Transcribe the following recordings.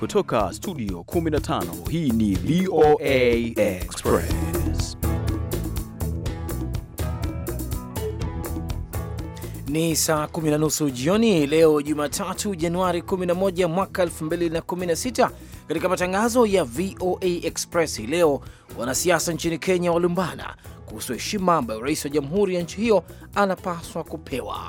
Kutoka studio 15 hii ni VOA Express. Ni saa kumi na nusu jioni leo Jumatatu, Januari 11 mwaka 2016. Katika matangazo ya VOA Express hii leo, wanasiasa nchini Kenya walumbana kuhusu heshima ambayo rais wa jamhuri ya nchi hiyo anapaswa kupewa.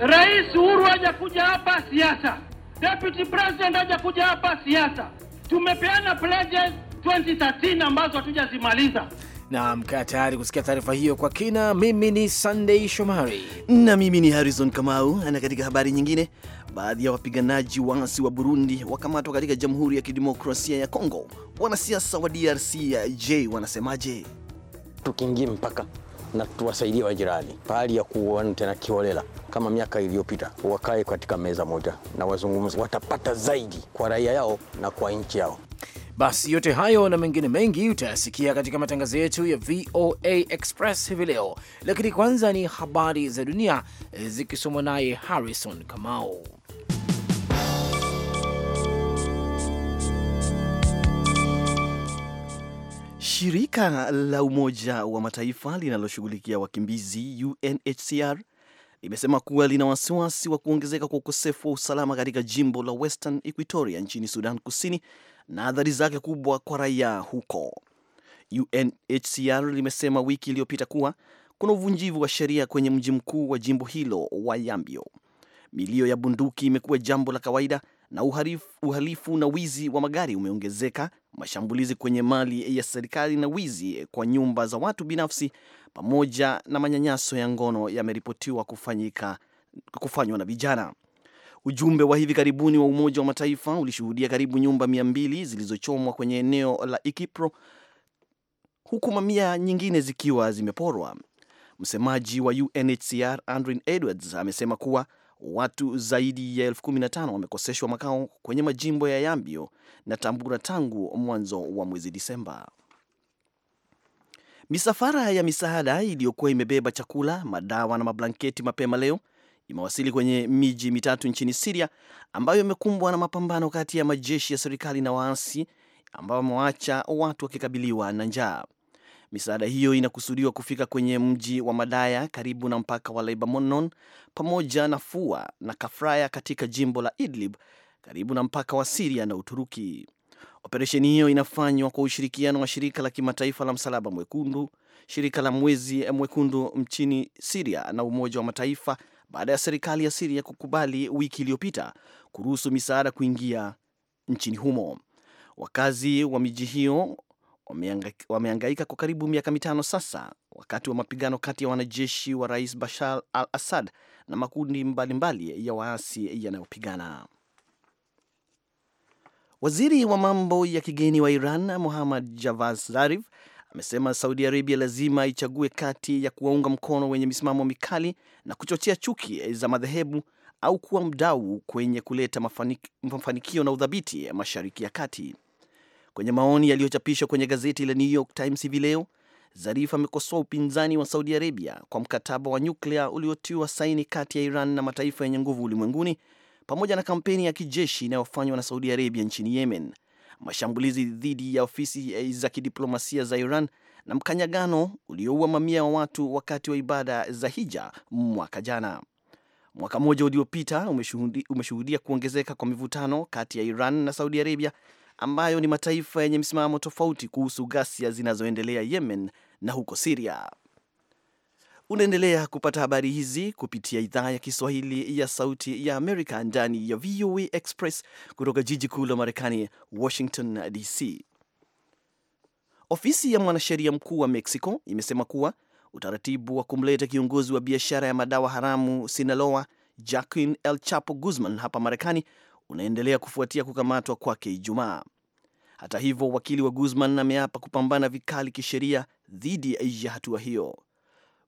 Rais Uhuru hajakuja hapa siasa deputy president haja kuja hapa siasa. Tumepeana pledges 2013 ambazo hatujazimaliza. Na mkaa tayari kusikia taarifa hiyo kwa kina. Mimi ni Sunday Shomari na mimi ni Harrison Kamau. Na katika habari nyingine, baadhi ya wapiganaji waasi wa Burundi wakamatwa katika Jamhuri ya Kidemokrasia ya Kongo. Wanasiasa wa DRC je, wanasemaje? tukiingie mpaka na tuwasaidie wajirani pahali ya kuona tena kiholela kama miaka iliyopita, wakae katika meza moja na wazungumzi, watapata zaidi kwa raia yao na kwa nchi yao. Basi yote hayo na mengine mengi utayasikia katika matangazo yetu ya VOA Express hivi leo, lakini kwanza ni habari za dunia eh, zikisomwa naye Harrison Kamau. Shirika la Umoja wa Mataifa linaloshughulikia wakimbizi UNHCR limesema kuwa lina wasiwasi wa kuongezeka kwa ukosefu wa usalama katika jimbo la Western Equatoria nchini Sudan Kusini na athari zake kubwa kwa raia huko. UNHCR limesema wiki iliyopita kuwa kuna uvunjivu wa sheria kwenye mji mkuu wa jimbo hilo wa Yambio. Milio ya bunduki imekuwa jambo la kawaida na uhalifu, uhalifu na wizi wa magari umeongezeka mashambulizi kwenye mali ya serikali na wizi kwa nyumba za watu binafsi pamoja na manyanyaso ya ngono yameripotiwa kufanyika kufanywa na vijana. Ujumbe wa hivi karibuni wa Umoja wa Mataifa ulishuhudia karibu nyumba mia mbili zilizochomwa kwenye eneo la Ikipro huku mamia nyingine zikiwa zimeporwa. Msemaji wa UNHCR Andrin Edwards amesema kuwa watu zaidi ya elfu kumi na tano wamekoseshwa makao kwenye majimbo ya Yambio na Tambura tangu mwanzo wa mwezi Disemba. Misafara ya misaada iliyokuwa imebeba chakula, madawa na mablanketi mapema leo imewasili kwenye miji mitatu nchini Siria ambayo imekumbwa na mapambano kati ya majeshi ya serikali na waasi ambao wamewacha watu wakikabiliwa na njaa. Misaada hiyo inakusudiwa kufika kwenye mji wa Madaya karibu na mpaka wa Lebanon pamoja na Fua na Kafraya katika jimbo la Idlib karibu na mpaka wa Siria na Uturuki. Operesheni hiyo inafanywa kwa ushirikiano wa shirika la kimataifa la Msalaba Mwekundu, shirika la Mwezi eh, Mwekundu nchini Siria na Umoja wa Mataifa baada ya serikali ya Siria kukubali wiki iliyopita kuruhusu misaada kuingia nchini humo. Wakazi wa miji hiyo wameangaika kwa karibu miaka mitano sasa, wakati wa mapigano kati ya wanajeshi wa Rais Bashar al Assad na makundi mbalimbali mbali ya waasi yanayopigana. Waziri wa mambo ya kigeni wa Iran Muhammad Javad Zarif amesema Saudi Arabia lazima ichague kati ya kuwaunga mkono wenye misimamo mikali na kuchochea chuki za madhehebu au kuwa mdau kwenye kuleta mafanikio na udhabiti mashariki ya kati. Kwenye maoni yaliyochapishwa kwenye gazeti la New York Times hivi leo, Zarif amekosoa upinzani wa Saudi Arabia kwa mkataba wa nyuklia uliotiwa saini kati ya Iran na mataifa yenye nguvu ulimwenguni pamoja na kampeni ya kijeshi inayofanywa na Saudi Arabia nchini Yemen, mashambulizi dhidi ya ofisi za kidiplomasia za Iran na mkanyagano ulioua mamia wa watu wakati wa ibada za hija mwaka jana. Mwaka mmoja uliopita umeshuhudia kuongezeka kwa mivutano kati ya Iran na Saudi Arabia ambayo ni mataifa yenye msimamo tofauti kuhusu ghasia zinazoendelea Yemen na huko Siria. Unaendelea kupata habari hizi kupitia idhaa ya Kiswahili ya Sauti ya Amerika ndani ya VOA Express kutoka jiji kuu la Marekani, Washington DC. Ofisi ya mwanasheria mkuu wa Mexico imesema kuwa utaratibu wa kumleta kiongozi wa biashara ya madawa haramu Sinaloa Joaquin El Chapo Guzman hapa Marekani unaendelea kufuatia kukamatwa kwake Ijumaa. Hata hivyo, wakili wa Guzman ameapa kupambana vikali kisheria dhidi ya hatua hiyo.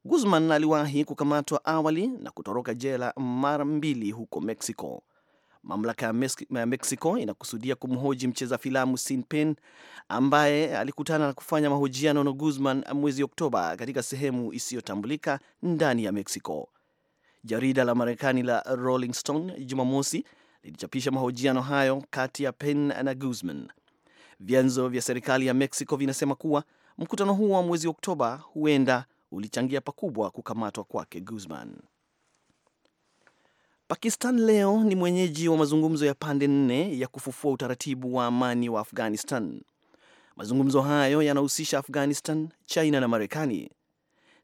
Guzman aliwahi kukamatwa awali na kutoroka jela mara mbili huko Mexico. Mamlaka ya Mexico inakusudia kumhoji mcheza filamu Sean Penn ambaye alikutana na kufanya mahojiano na Guzman mwezi Oktoba katika sehemu isiyotambulika ndani ya Mexico. Jarida la Marekani la Rolling Stone Jumamosi ilichapisha mahojiano hayo kati ya pen na Guzman. Vyanzo vya serikali ya Mexico vinasema kuwa mkutano huo wa mwezi Oktoba huenda ulichangia pakubwa kukamatwa kwake Guzman. Pakistan leo ni mwenyeji wa mazungumzo ya pande nne ya kufufua utaratibu wa amani wa Afghanistan. Mazungumzo hayo yanahusisha Afghanistan, China na Marekani.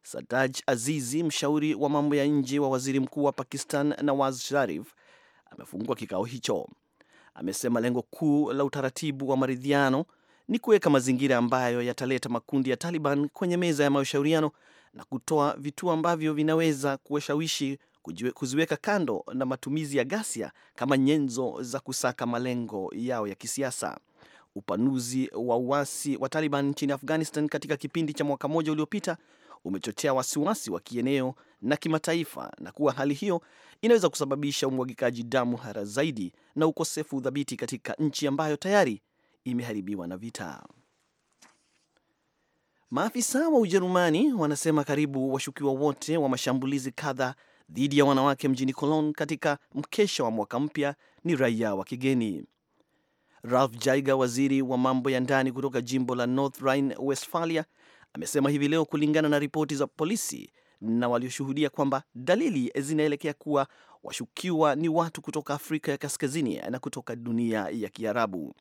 Sadaj Azizi, mshauri wa mambo ya nje wa waziri mkuu wa Pakistan Nawaz Sharif, amefungua kikao hicho. Amesema lengo kuu la utaratibu wa maridhiano ni kuweka mazingira ambayo yataleta makundi ya Taliban kwenye meza ya mashauriano na kutoa vituo ambavyo vinaweza kuwashawishi kuziweka kando na matumizi ya ghasia kama nyenzo za kusaka malengo yao ya kisiasa. Upanuzi wa uasi wa Taliban nchini Afghanistan katika kipindi cha mwaka mmoja uliopita umechochea wasiwasi wa kieneo na kimataifa na kuwa hali hiyo inaweza kusababisha umwagikaji damu hara zaidi na ukosefu udhabiti katika nchi ambayo tayari imeharibiwa na vita. Maafisa wa Ujerumani wanasema karibu washukiwa wote wa mashambulizi kadha dhidi ya wanawake mjini Cologne katika mkesha wa mwaka mpya ni raia wa kigeni. Ralf Jaiga, waziri wa mambo ya ndani kutoka jimbo la North Rhine Westphalia, amesema hivi leo kulingana na ripoti za polisi na walioshuhudia kwamba dalili zinaelekea kuwa washukiwa ni watu kutoka Afrika ya Kaskazini na kutoka dunia ya Kiarabu.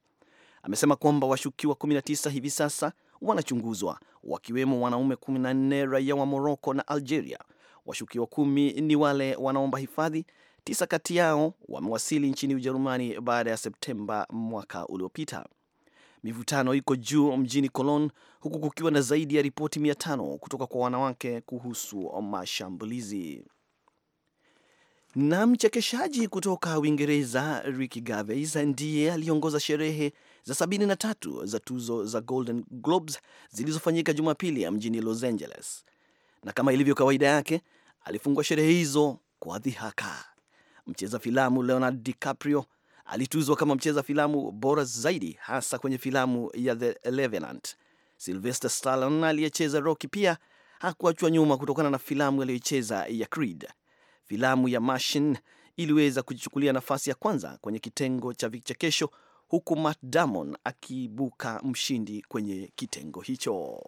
Amesema kwamba washukiwa 19 hivi sasa wanachunguzwa wakiwemo wanaume 14 raia wa Moroko na Algeria. Washukiwa kumi ni wale wanaomba hifadhi. Tisa kati yao wamewasili nchini Ujerumani baada ya Septemba mwaka uliopita. Mivutano iko juu mjini Cologne huku kukiwa na zaidi ya ripoti mia tano kutoka kwa wanawake kuhusu mashambulizi. Na mchekeshaji kutoka Uingereza Ricky Gervais ndiye aliongoza sherehe za 73 za tuzo za Golden Globes zilizofanyika Jumapili mjini Los Angeles, na kama ilivyo kawaida yake alifungua sherehe hizo kwa dhihaka. Mcheza filamu Leonardo DiCaprio alituzwa kama mcheza filamu bora zaidi hasa kwenye filamu ya The Revenant. Sylvester Stallone aliyecheza Rocky pia hakuachwa nyuma kutokana na filamu aliyoicheza ya Creed. Filamu ya Machine iliweza kujichukulia nafasi ya kwanza kwenye kitengo cha vichekesho huku Matt Damon akibuka mshindi kwenye kitengo hicho.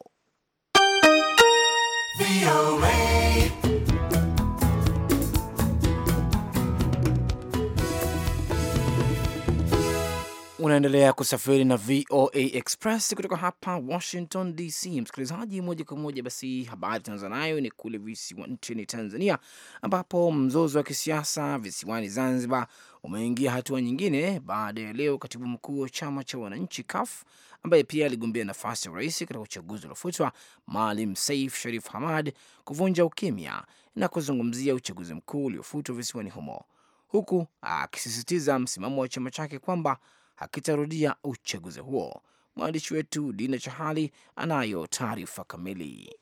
Unaendelea kusafiri na VOA Express kutoka hapa Washington DC, msikilizaji. Moja kwa moja basi, habari tunaanza nayo ni kule visiwa nchini Tanzania, ambapo mzozo wa kisiasa visiwani Zanzibar umeingia hatua nyingine baada ya leo katibu mkuu wa chama cha wananchi CUF ambaye pia aligombea nafasi ya urais katika uchaguzi uliofutwa Maalim saif Sharif Hamad kuvunja ukimya na kuzungumzia uchaguzi mkuu uliofutwa visiwani humo, huku akisisitiza msimamo wa chama chake kwamba hakitarudia uchaguzi huo. Mwandishi wetu Dina Chahali anayo taarifa kamili.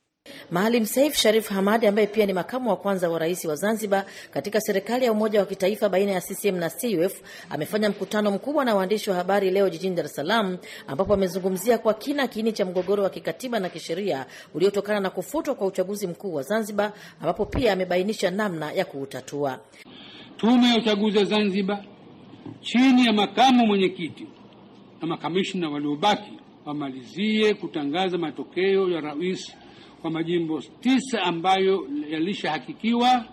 Maalim saif Sharif Hamad ambaye pia ni makamu wa kwanza wa rais wa Zanzibar katika serikali ya umoja wa kitaifa baina ya CCM na CUF amefanya mkutano mkubwa na waandishi wa habari leo jijini Dar es Salaam ambapo amezungumzia kwa kina kiini cha mgogoro wa kikatiba na kisheria uliotokana na kufutwa kwa uchaguzi mkuu wa Zanzibar ambapo pia amebainisha namna ya kuutatua. Tume ya uchaguzi wa Zanzibar chini ya makamu mwenyekiti na makamishna waliobaki wamalizie kutangaza matokeo ya rais kwa majimbo tisa ambayo yalishahakikiwa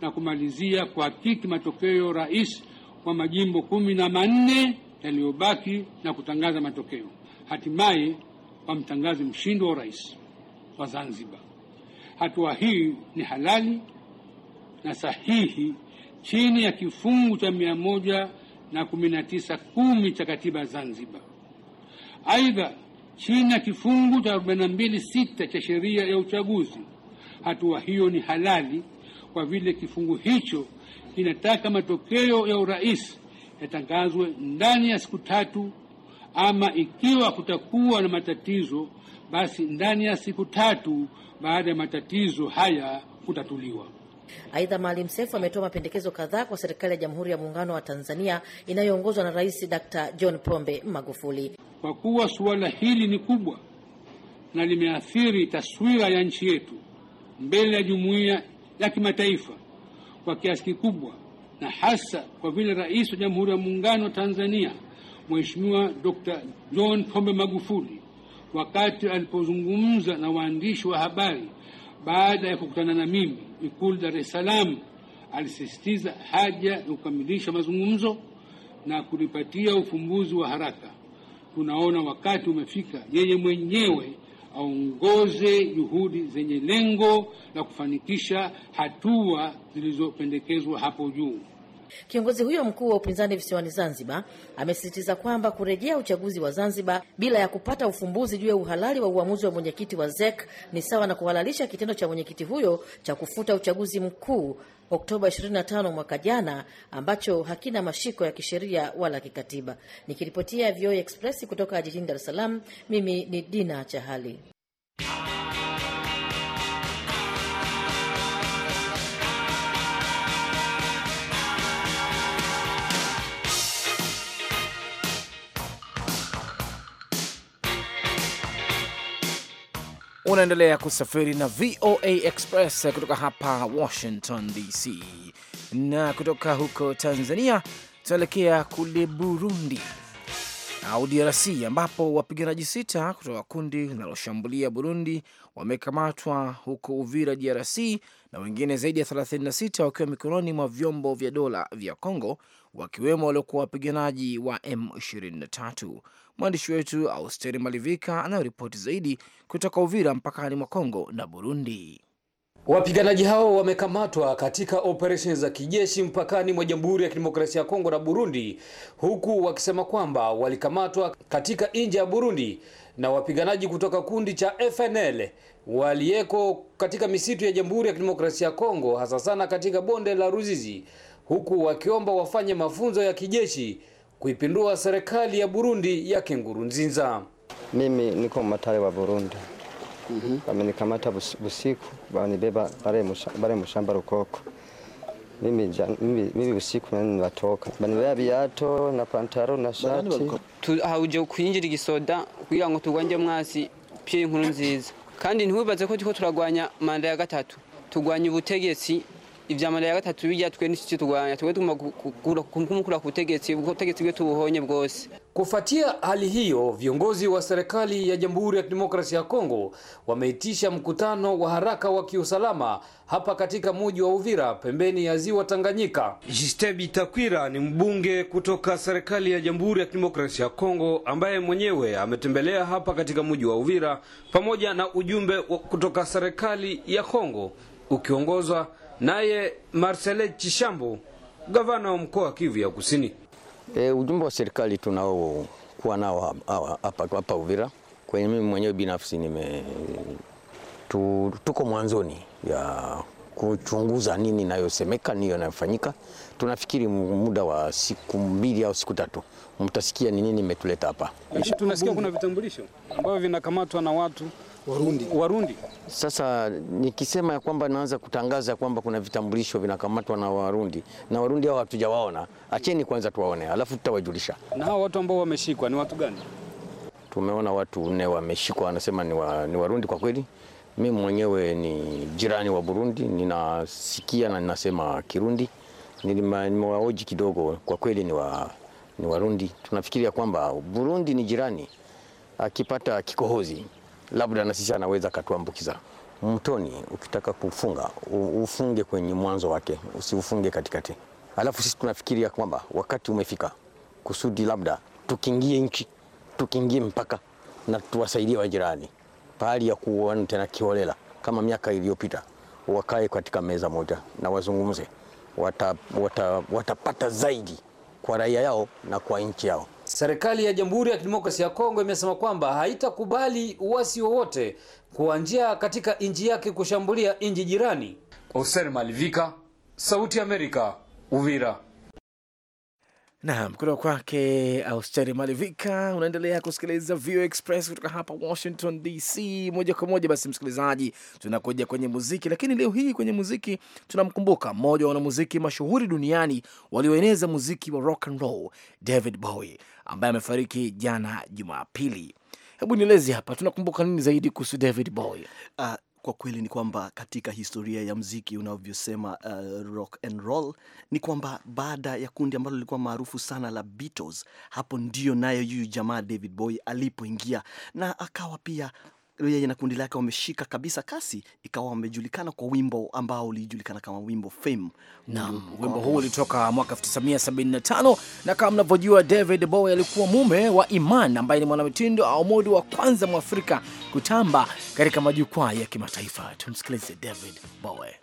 na kumalizia kuhakiki matokeo rais kwa majimbo kumi na manne yaliyobaki na kutangaza matokeo. Hatimaye wamtangaze mshindi wa urais wa Zanzibar. Hatua hii ni halali na sahihi chini ya kifungu cha mia moja na kumi na tisa kumi cha katiba ya Zanzibar. Aidha, chini ya kifungu cha mbili sita cha sheria ya uchaguzi, hatua hiyo ni halali kwa vile kifungu hicho kinataka matokeo ya urais yatangazwe ndani ya siku tatu, ama ikiwa kutakuwa na matatizo, basi ndani ya siku tatu baada ya matatizo haya kutatuliwa. Aidha, Maalim sefu ametoa mapendekezo kadhaa kwa serikali ya Jamhuri ya Muungano wa Tanzania inayoongozwa na Rais Dr. John Pombe Magufuli. Kwa kuwa suala hili ni kubwa na limeathiri taswira ya nchi yetu mbele ya jumuiya ya kimataifa kwa kiasi kikubwa, na hasa kwa vile Rais wa Jamhuri ya Muungano wa Tanzania Mheshimiwa Dr. John Pombe Magufuli wakati alipozungumza na waandishi wa habari baada ya kukutana na mimi Ikulu Dar es Salaam alisisitiza haja ya kukamilisha mazungumzo na kulipatia ufumbuzi wa haraka. Tunaona wakati umefika yeye mwenyewe aongoze juhudi zenye lengo la kufanikisha hatua zilizopendekezwa hapo juu. Kiongozi huyo mkuu wa upinzani visiwani Zanzibar amesisitiza kwamba kurejea uchaguzi wa Zanzibar bila ya kupata ufumbuzi juu ya uhalali wa uamuzi wa mwenyekiti wa ZEC ni sawa na kuhalalisha kitendo cha mwenyekiti huyo cha kufuta uchaguzi mkuu Oktoba 25 mwaka jana ambacho hakina mashiko ya kisheria wala kikatiba. Nikiripotia VOA e Express kutoka jijini Dar es Salaam, mimi ni Dina Chahali. Unaendelea kusafiri na VOA Express kutoka hapa Washington DC, na kutoka huko Tanzania tunaelekea kule Burundi au DRC ambapo wapiganaji sita kutoka kundi linaloshambulia Burundi wamekamatwa huko Uvira, DRC, na wengine zaidi ya 36 wakiwa mikononi mwa vyombo vya dola vya congo wakiwemo waliokuwa wapiganaji wa M23. Mwandishi wetu Austeri Malivika anayoripoti zaidi kutoka Uvira mpakani mwa Kongo na Burundi. Wapiganaji hao wamekamatwa katika operesheni za kijeshi mpakani mwa Jamhuri ya Kidemokrasia ya Kongo na Burundi, huku wakisema kwamba walikamatwa katika nje ya Burundi na wapiganaji kutoka kundi cha FNL waliyeko katika misitu ya Jamhuri ya Kidemokrasia ya Kongo, hasa sana katika bonde la Ruzizi huku wakiomba wafanye mafunzo ya kijeshi kuipindua serikali ya Burundi ya Ngurunziza. Mimi niko matare wa Burundi. Mm -hmm. Wamenikamata busiku wanibeba bare mushamba Rukoko. Mimi, mimi, mimi usiku nani watoka biato na pantaro na shati hauje kwinjira igisoda kugira ngo turwanye mwasi pye inkuru nziza kandi ntiwibaze ko turiko turagwanya manda ya gatatu turwanya ubutegetsi ivyamara ya gatatu bijya twe turwanya twe tuguma kumukura ku ubwo butegetsi bwe tubuhonye bwose kufuatia hali hiyo viongozi wa serikali ya jamhuri ya kidemokrasia ya Kongo wameitisha mkutano wa haraka wa kiusalama hapa katika muji wa Uvira pembeni ya ziwa Tanganyika. Justin Bitakwira ni mbunge kutoka serikali ya jamhuri ya kidemokrasia ya Kongo ambaye mwenyewe ametembelea hapa katika muji wa Uvira pamoja na ujumbe kutoka serikali ya Kongo ukiongozwa Naye Marcele Chishambo, gavana wa mkoa wa Kivu ya Kusini. E, ujumbe wa serikali tunao kuwa nao hapa hapa Uvira, kwenye mimi mwenyewe binafsi nime tu, tuko mwanzoni ya kuchunguza nini inayosemeka niyo inayofanyika. Tunafikiri muda wa siku mbili au siku tatu mtasikia ni nini imetuleta hapa. Tunasikia kuna vitambulisho ambavyo vinakamatwa na watu Warundi. Warundi. Sasa nikisema ya kwamba naanza kutangaza kwamba kuna vitambulisho vinakamatwa na Warundi na Warundi hao hatujawaona, acheni kwanza tuwaone, alafu tutawajulisha. Na hao watu ambao wameshikwa ni watu gani? Tumeona watu nne wameshikwa, wanasema ni, wa, ni Warundi. Kwa kweli mimi mwenyewe ni jirani wa Burundi, ninasikia na ninasema Kirundi, nimewaoji kidogo, kwa kweli ni, wa, ni Warundi. Tunafikiria kwamba Burundi ni jirani, akipata kikohozi labda na sisi anaweza katuambukiza. Mtoni ukitaka kufunga ufunge kwenye mwanzo wake, usiufunge katikati. Alafu sisi tunafikiria kwamba wakati umefika kusudi labda tukiingie nchi tukiingie mpaka na tuwasaidie wajirani, pahali ya kuona tena kiholela kama miaka iliyopita. Wakae katika meza moja na wazungumze, watapata wata, wata zaidi kwa raia yao na kwa nchi yao. Serikali ya Jamhuri ya Kidemokrasia ya Kongo imesema kwamba haitakubali uasi wowote kuanzia katika nchi yake kushambulia nchi jirani. Oser Malivika, Sauti ya Amerika, Uvira. Naam, kutoka kwake Austeri Malivika. Unaendelea kusikiliza vo Express kutoka hapa Washington DC moja kwa moja. Basi msikilizaji, tunakuja kwenye muziki, lakini leo hii kwenye muziki tunamkumbuka mmoja wa wanamuziki mashuhuri duniani walioeneza muziki wa rock and roll, David Bowie ambaye amefariki jana Jumapili. Hebu nieleze hapa, tunakumbuka nini zaidi kuhusu David Bowie? Uh, kwa kweli ni kwamba katika historia ya mziki unavyosema, uh, rock and roll ni kwamba baada ya kundi ambalo lilikuwa maarufu sana la Beatles, hapo ndio naye yuyu jamaa David Bowie alipoingia na akawa pia yeye na kundi lake wameshika kabisa kasi, ikawa wamejulikana kwa wimbo ambao ulijulikana kama wimbo Fame. Naam, wimbo huu ulitoka mwaka 1975 na kama mnavyojua, David Bowie alikuwa mume wa Iman ambaye ni mwanamitindo modi wa kwanza Mwafrika kutamba katika majukwaa ya kimataifa. Tumsikilize David Bowie.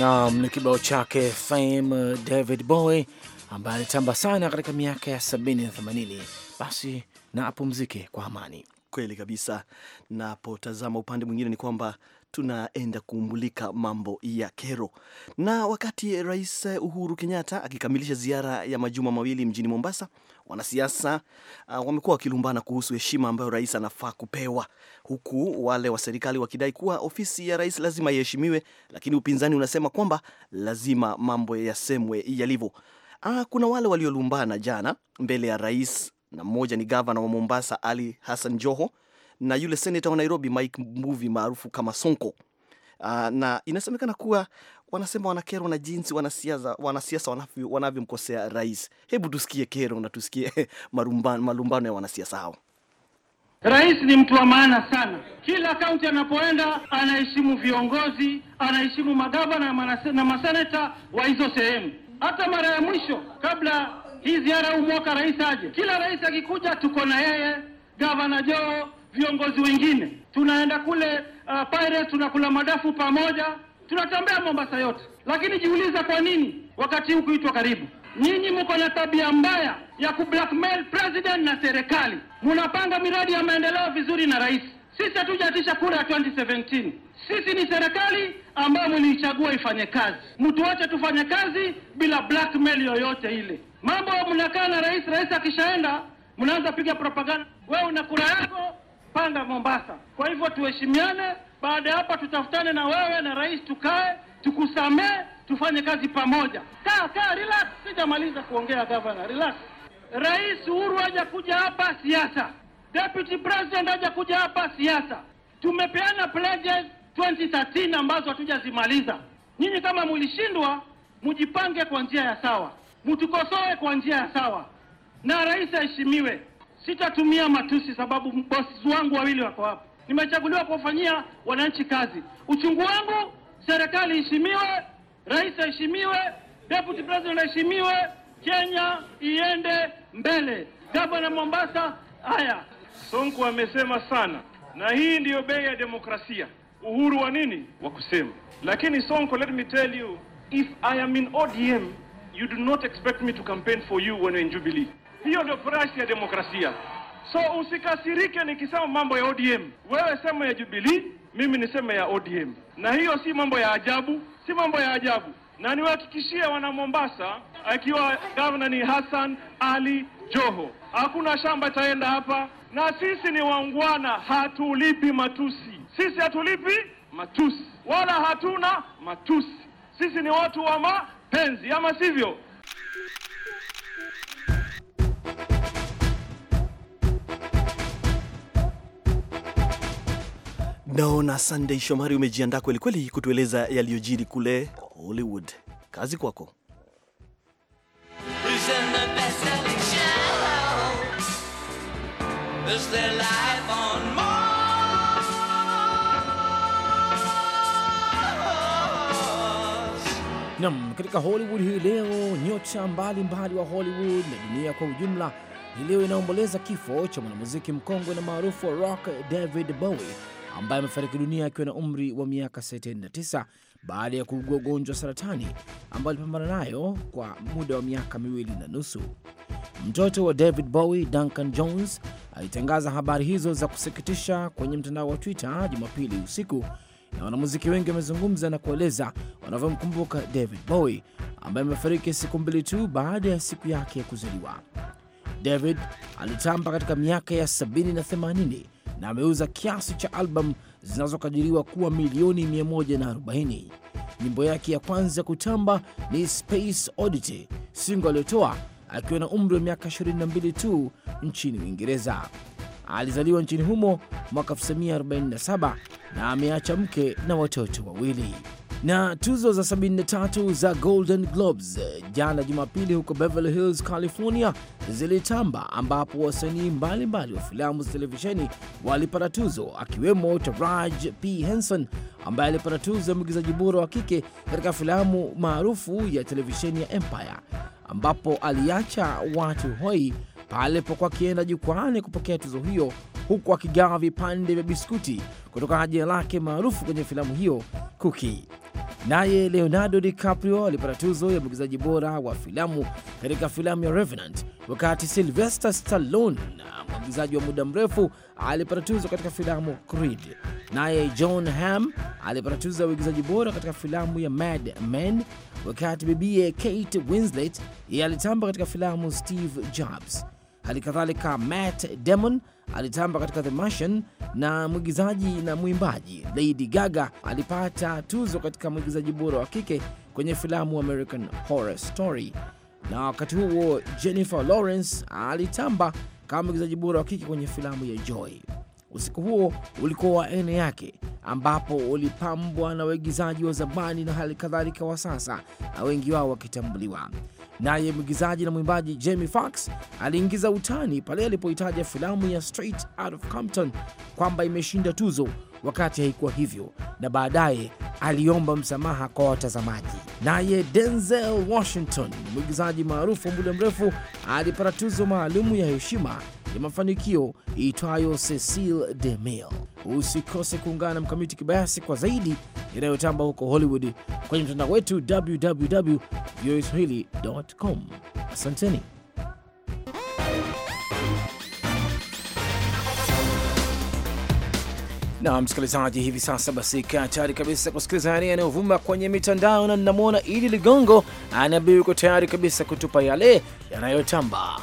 Naam, ni kibao chake Fame David Bowie ambaye alitamba sana katika miaka ya sabini na themanini. Basi na apumzike kwa amani. Kweli kabisa. Napotazama upande mwingine ni kwamba tunaenda kuumbulika mambo ya kero. Na wakati Rais Uhuru Kenyatta akikamilisha ziara ya majuma mawili mjini Mombasa, wanasiasa uh, wamekuwa wakilumbana kuhusu heshima ambayo rais anafaa kupewa, huku wale wa serikali wakidai kuwa ofisi ya rais lazima iheshimiwe, lakini upinzani unasema kwamba lazima mambo yasemwe yalivyo. Uh, kuna wale waliolumbana jana mbele ya rais, na mmoja ni gavana wa Mombasa Ali Hassan Joho na yule senata wa Nairobi Mike Mbuvi maarufu kama Sonko. Uh, na inasemekana kuwa wanasema wanakerwa na jinsi wanasiasa wanasiasa wanavyomkosea wanavyo rais. Hebu tusikie kero na tusikie marumbano, malumbano ya wanasiasa hao. Rais ni mtu wa maana sana. Kila kaunti anapoenda anaheshimu viongozi, anaheshimu magavana na maseneta wa hizo sehemu. Hata mara ya mwisho kabla hii ziara huu mwaka rais aje, kila rais akikuja tuko na yeye, gavana Joe viongozi wengine, tunaenda kule uh, Pirates, tunakula madafu pamoja, tunatembea Mombasa yote. Lakini jiuliza, kwa nini wakati huu kuitwa karibu? Nyinyi mko na tabia mbaya ya kublackmail president na serikali. Munapanga miradi ya maendeleo vizuri na rais, sisi hatujatisha kura ya 2017. Sisi ni serikali ambayo mliichagua ifanye kazi, mtuache tufanye kazi bila blackmail yoyote ile. Mambo mnakaa na rais, rais akishaenda mnaanza piga propaganda, wewe una kura yako panda Mombasa. Kwa hivyo tuheshimiane, baada ya hapa tutafutane na wewe na rais, tukae tukusamee, tufanye kazi pamoja. Kaa kaa, relax, sijamaliza kuongea gavana, relax. Rais Uhuru haja kuja hapa siasa, deputy president haja kuja hapa siasa. Tumepeana pledges 2013 ambazo hatujazimaliza. Nyinyi kama mulishindwa, mujipange kwa njia ya sawa, mutukosoe kwa njia ya sawa, na rais aheshimiwe. Sitatumia matusi sababu bosi wangu wawili wako hapa. Nimechaguliwa kuwafanyia wananchi kazi. Uchungu wangu, serikali iheshimiwe, rais aheshimiwe, deputy president aheshimiwe, Kenya iende mbele. Gavana Mombasa, haya Sonko amesema sana, na hii ndiyo bei ya demokrasia, uhuru wa nini wa kusema. Lakini Sonko, let me tell you if I am in ODM you do not expect me to campaign for you when you're in Jubilee. Hiyo ndio price ya demokrasia. So usikasirike nikisema mambo ya ODM, wewe sema ya jubilii mimi niseme ya ODM, na hiyo si mambo ya ajabu, si mambo ya ajabu. Na niwahakikishie wana Mombasa, akiwa gavana ni Hassan Ali Joho, hakuna shamba itaenda hapa, na sisi ni waungwana, hatulipi matusi, sisi hatulipi matusi wala hatuna matusi. Sisi ni watu wa mapenzi, ama sivyo? Naona Sunday Shomari umejiandaa kweli kweli kutueleza yaliyojiri kule Hollywood. Kazi kwako. Nam, katika Hollywood hii leo, nyota mbalimbali wa Hollywood na dunia kwa ujumla hii leo inaomboleza kifo cha mwanamuziki mkongwe na maarufu wa rock David Bowie ambaye amefariki dunia akiwa na umri wa miaka 79 baada ya kuugua ugonjwa saratani ambayo alipambana nayo kwa muda wa miaka miwili na nusu. Mtoto wa David Bowie, Duncan Jones, alitangaza habari hizo za kusikitisha kwenye mtandao wa Twitter Jumapili usiku, na wanamuziki wengi wamezungumza na kueleza wanavyomkumbuka David Bowie ambaye amefariki siku mbili tu baada ya siku yake ya kuzaliwa. David alitamba katika miaka ya 70 na 80 na ameuza kiasi cha albamu zinazokadiriwa kuwa milioni 140. Nyimbo yake ya kwanza kutamba ni Space Oddity, singo aliyotoa akiwa na umri wa miaka 22 tu nchini Uingereza. Alizaliwa nchini humo mwaka 1947 na ameacha mke na watoto wawili. Na tuzo za 73 za Golden Globes jana Jumapili huko Beverly Hills, California zilitamba, ambapo wasanii mbalimbali wa filamu za televisheni walipata tuzo, akiwemo Taraji P. Henson ambaye alipata tuzo ya mwigizaji bora wa kike katika filamu maarufu ya televisheni ya Empire, ambapo aliacha watu hoi pale alipokuwa akienda jukwaani kupokea tuzo hiyo huku akigawa vipande vya biskuti kutoka jina lake maarufu kwenye filamu hiyo Cookie. Naye Leonardo DiCaprio alipata tuzo ya mwigizaji bora wa filamu katika filamu ya Revenant, wakati Sylvester Stallone na mwigizaji wa muda mrefu alipata tuzo katika filamu Creed. Naye John Hamm alipata tuzo ya uigizaji bora katika filamu ya Mad Men, wakati bibie Kate Winslet yeye alitamba katika filamu Steve Jobs. Hali kadhalika Matt Damon alitamba katika The Martian, na mwigizaji na mwimbaji Lady Gaga alipata tuzo katika mwigizaji bora wa kike kwenye filamu American Horror Story, na wakati huo Jennifer Lawrence alitamba kama mwigizaji bora wa kike kwenye filamu ya Joy. Usiku huo ulikuwa wa aina yake, ambapo ulipambwa na waigizaji wa zamani na hali kadhalika wa sasa, na wengi wao wakitambuliwa. Naye mwigizaji na mwimbaji Jamie Foxx aliingiza utani pale alipoitaja filamu ya Straight Out of Compton kwamba imeshinda tuzo wakati haikuwa hivyo, na baadaye aliomba msamaha kwa watazamaji. Naye Denzel Washington, mwigizaji maarufu wa muda mrefu, alipata tuzo maalumu ya heshima ya mafanikio iitwayo Cecil DeMille. Usikose kuungana na Mkamiti Kibayasi kwa zaidi inayotamba huko Hollywood kwenye mtandao wetu www voaswahili.com. Asanteni. na msikilizaji, hivi sasa basi kaa tayari kabisa kusikiliza yale yanayovuma kwenye mitandao, na ninamwona Idi Ligongo anabii yuko tayari kabisa kutupa yale yanayotamba.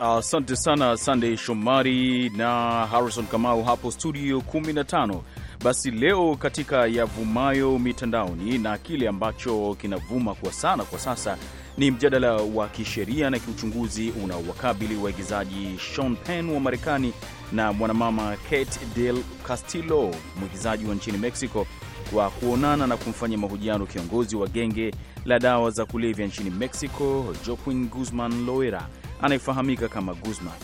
Asante uh, sana Sandey Shomari na Harrison Kamau hapo studio 15. Basi leo katika yavumayo mitandaoni na kile ambacho kinavuma kwa sana kwa sasa ni mjadala wa kisheria na kiuchunguzi unaowakabili waigizaji Sean Penn wa Marekani na mwanamama Kate Del Castillo, mwigizaji wa nchini Mexico, kwa kuonana na kumfanya mahojiano kiongozi wa genge la dawa za kulevya nchini Mexico, Joaquin Guzman Loera, anayefahamika kama Guzman.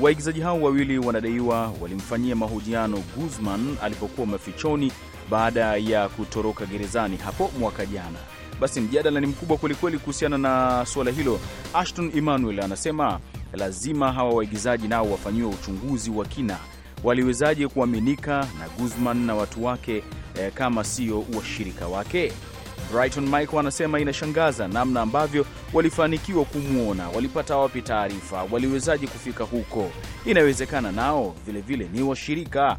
Waigizaji hao wawili wanadaiwa walimfanyia mahojiano Guzman alipokuwa mafichoni baada ya kutoroka gerezani hapo mwaka jana. Basi mjadala ni mkubwa kwelikweli kuhusiana na suala hilo. Ashton Emmanuel anasema lazima hawa waigizaji nao wafanyiwe uchunguzi wa kina. Waliwezaje kuaminika na Guzman na watu wake eh, kama sio washirika wake? Brighton Michael anasema inashangaza namna ambavyo walifanikiwa kumwona. Walipata wapi taarifa? Waliwezaje kufika huko? Inawezekana nao vilevile vile ni washirika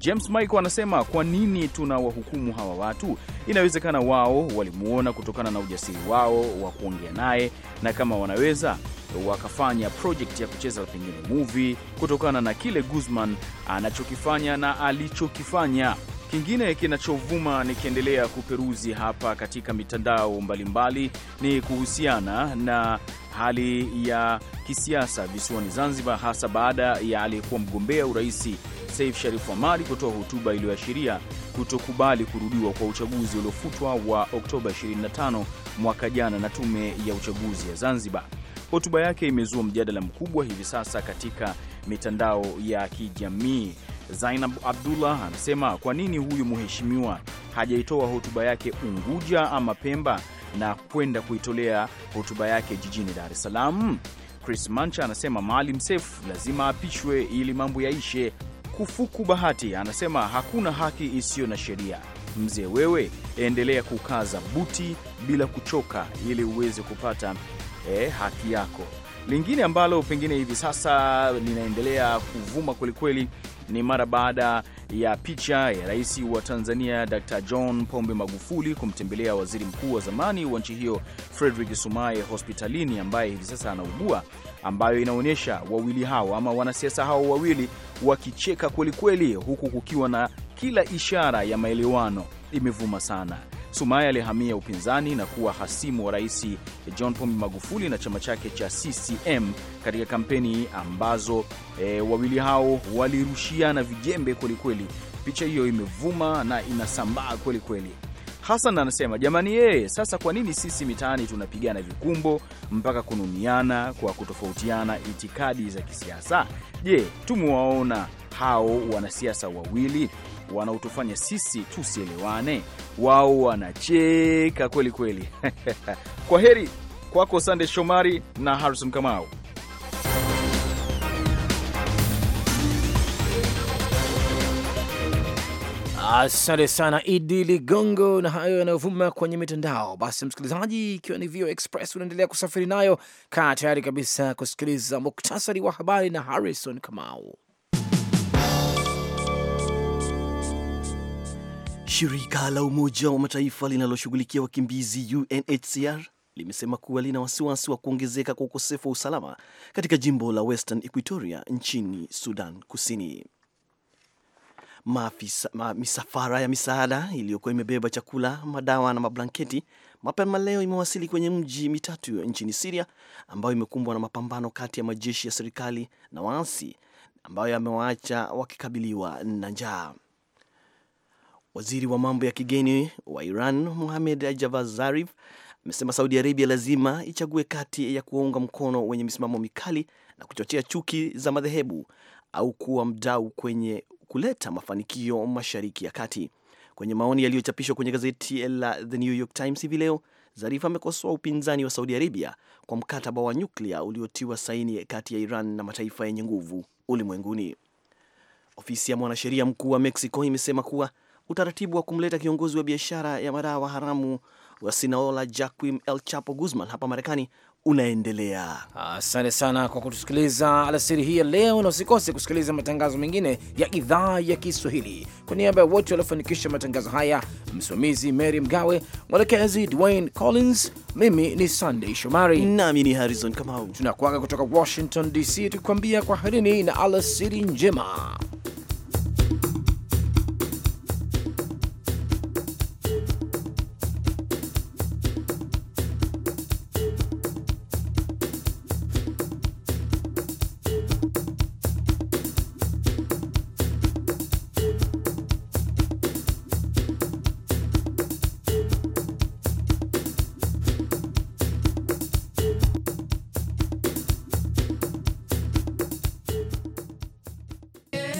James Michael anasema kwa nini tuna wahukumu hawa watu? Inawezekana wao walimwona kutokana na ujasiri wao wa kuongea naye, na kama wanaweza wakafanya project ya kucheza pengine movie kutokana na kile Guzman anachokifanya na alichokifanya. Kingine kinachovuma nikiendelea kuperuzi hapa katika mitandao mbalimbali mbali, ni kuhusiana na hali ya kisiasa visiwani Zanzibar, hasa baada ya aliyekuwa mgombea urais Saif Sharif Hamad kutoa hotuba iliyoashiria kutokubali kurudiwa kwa uchaguzi uliofutwa wa Oktoba 25 mwaka jana na tume ya uchaguzi ya Zanzibar. Hotuba yake imezua mjadala mkubwa hivi sasa katika mitandao ya kijamii. Zainab Abdullah anasema kwa nini huyu mheshimiwa hajaitoa hotuba yake Unguja ama Pemba na kwenda kuitolea hotuba yake jijini Dar es Salaam. Chris Mancha anasema Maalim Seif lazima apishwe ili mambo yaishe. Kufuku Bahati anasema hakuna haki isiyo na sheria. Mzee wewe, endelea kukaza buti bila kuchoka ili uweze kupata eh, haki yako. Lingine ambalo pengine hivi sasa linaendelea kuvuma kwelikweli ni mara baada ya picha ya rais wa Tanzania Dr. John Pombe Magufuli kumtembelea waziri mkuu wa zamani wa nchi hiyo Frederick Sumaye hospitalini ambaye hivi sasa anaugua, ambayo inaonyesha wawili hao ama wanasiasa hao wawili wakicheka kwelikweli, huku kukiwa na kila ishara ya maelewano imevuma sana. Sumaye alihamia upinzani na kuwa hasimu wa Rais John Pombe Magufuli na chama chake cha CCM katika kampeni ambazo e, wawili hao walirushiana vijembe kwelikweli. Picha hiyo imevuma na inasambaa kwelikweli. Hasan anasema jamani, yeye eh, sasa, kwa nini sisi mitaani tunapigana vikumbo mpaka kununiana kwa kutofautiana itikadi za kisiasa? Je, tumewaona hao wanasiasa wawili wanaotufanya sisi tusielewane, wao wanacheka kweli kweli. Kwa heri kwako Sande Shomari na Harrison Kamau. Asante sana Idi Ligongo na hayo yanayovuma kwenye mitandao. Basi msikilizaji, ikiwa ni VOA Express unaendelea kusafiri nayo, kaa tayari kabisa kusikiliza muktasari wa habari na Harrison Kamau. Shirika la Umoja wa Mataifa linaloshughulikia wakimbizi UNHCR limesema kuwa lina wasiwasi wa kuongezeka kwa ukosefu wa usalama katika jimbo la Western Equatoria nchini Sudan Kusini. Mafisa, ma, misafara ya misaada iliyokuwa imebeba chakula, madawa na mablanketi mapema leo imewasili kwenye mji mitatu nchini Siria ambayo imekumbwa na mapambano kati ya majeshi ya serikali na waasi ambayo yamewaacha wakikabiliwa na njaa. Waziri wa mambo ya kigeni wa Iran muhamed Javad Zarif amesema Saudi Arabia lazima ichague kati ya kuwaunga mkono wenye misimamo mikali na kuchochea chuki za madhehebu au kuwa mdau kwenye kuleta mafanikio Mashariki ya Kati. Kwenye maoni yaliyochapishwa kwenye gazeti la The New York Times hivi leo, Zarif amekosoa upinzani wa Saudi Arabia kwa mkataba wa nyuklia uliotiwa saini kati ya Iran na mataifa yenye nguvu ulimwenguni. Ofisi ya mwanasheria mkuu wa Mexico imesema kuwa utaratibu wa kumleta kiongozi wa biashara ya madawa haramu wa Sinaola jaquim El Chapo Guzman hapa Marekani unaendelea. Asante sana kwa kutusikiliza alasiri hii ya leo, na usikose kusikiliza matangazo mengine ya idhaa ya Kiswahili. Kwa niaba ya wote waliofanikisha matangazo haya, msimamizi Mary Mgawe, mwelekezi Dwayne Collins, mimi ni Sunday Shomari nami ni Harrison Kamau, tunakuaga kutoka Washington DC, tukikuambia kwaherini na alasiri njema.